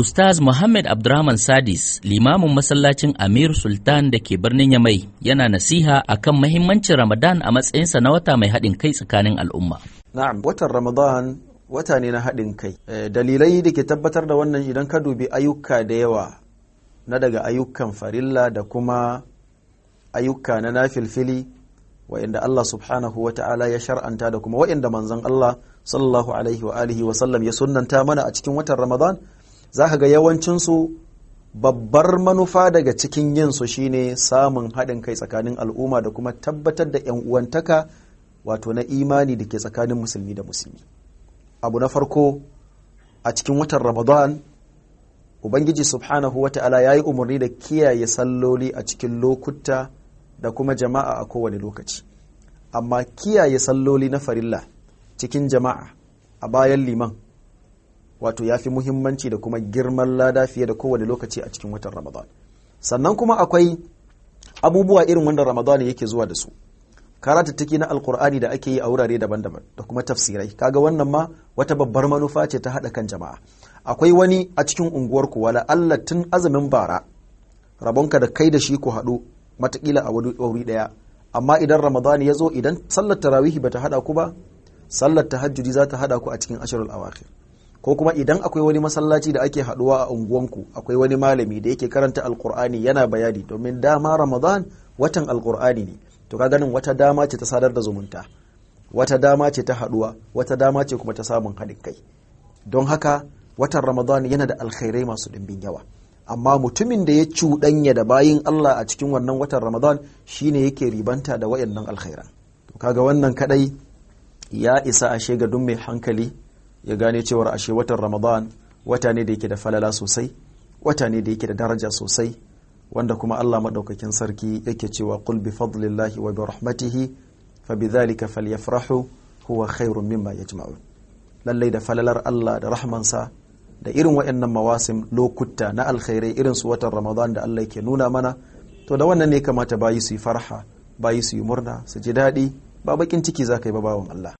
Ustaz Muhammad Abdurrahman Sadis, limamin masallacin Amir Sultan da ke birnin Yamai, yana nasiha a kan mahimmancin Ramadan a matsayinsa na wata mai haɗin kai tsakanin al'umma. Na'am, watan Ramadan wata ne na haɗin kai. Eh, dalilai da ke tabbatar da wannan idan ka dubi ayyuka da yawa na daga ayyukan farilla da kuma ayyuka na nafilfili wa'inda Allah subhanahu wa ta'ala ya shar'anta da kuma wa'inda manzon Allah sallallahu alaihi wa alihi wa sallam ya sunnanta mana a cikin watan Ramadan. za ka ga yawancinsu babbar manufa daga cikin yinsu shine samun haɗin kai tsakanin al'umma da kuma tabbatar da 'yan uwantaka wato na imani da ke tsakanin musulmi da musulmi abu na farko a cikin watan ramadan ubangiji subhanahu wata'ala ya yi umarni da kiyaye salloli a cikin lokuta da kuma jama'a a kowane lokaci amma kiyaye salloli na farilla cikin jama'a a bayan liman wato ya fi muhimmanci da kuma girman lada fiye da kowane lokaci a cikin watan ramadan sannan kuma akwai abubuwa irin wanda ramadan yake zuwa da su karatattaki na alkur'ani da ake yi a wurare daban-daban da kuma tafsirai kaga wannan ma wata babbar manufa ce ta haɗa kan jama'a akwai wani a cikin unguwar ku wala Allah tun azumin bara rabonka da kai da shi ku haɗu matakila a wuri ɗaya amma idan ramadan ya zo idan sallar tarawihi bata haɗa ku ba sallar tahajjudi za ta haɗa ku a cikin ashirin awakhir ko kuma idan akwai wani masallaci da ake haduwa a unguwanku akwai wani malami da yake karanta alkur'ani yana bayani domin dama ramadan watan alkur'ani ne to ka ganin wata dama ce ta sadar da zumunta wata dama ce ta haduwa wata dama ce kuma ta samun haɗin kai don haka watan ramadan yana da alkhairai masu ɗimbin yawa amma mutumin da ya cuɗanya da bayin Allah a cikin wannan watan Ramadan shine yake ribanta da wayannan alkhairan to kaga wannan kadai ya isa ashe ga duk mai hankali ya gane cewar ashe watan ramadan wata ne da yake da falala sosai wata ne da yake da daraja sosai wanda kuma Allah madaukakin sarki yake cewa qul bi fadlillahi wa bi rahmatihi fa bidhalika falyafrahu huwa khairun mimma yajma'un lallai da falalar Allah da rahmansa da irin waɗannan mawasim lokuta na alkhairai irin su watan Ramadan da Allah yake nuna mana to da wannan ne kamata bayi su yi farha bayi su yi murna su ji daɗi ba bakin ciki za ka yi ba bawan Allah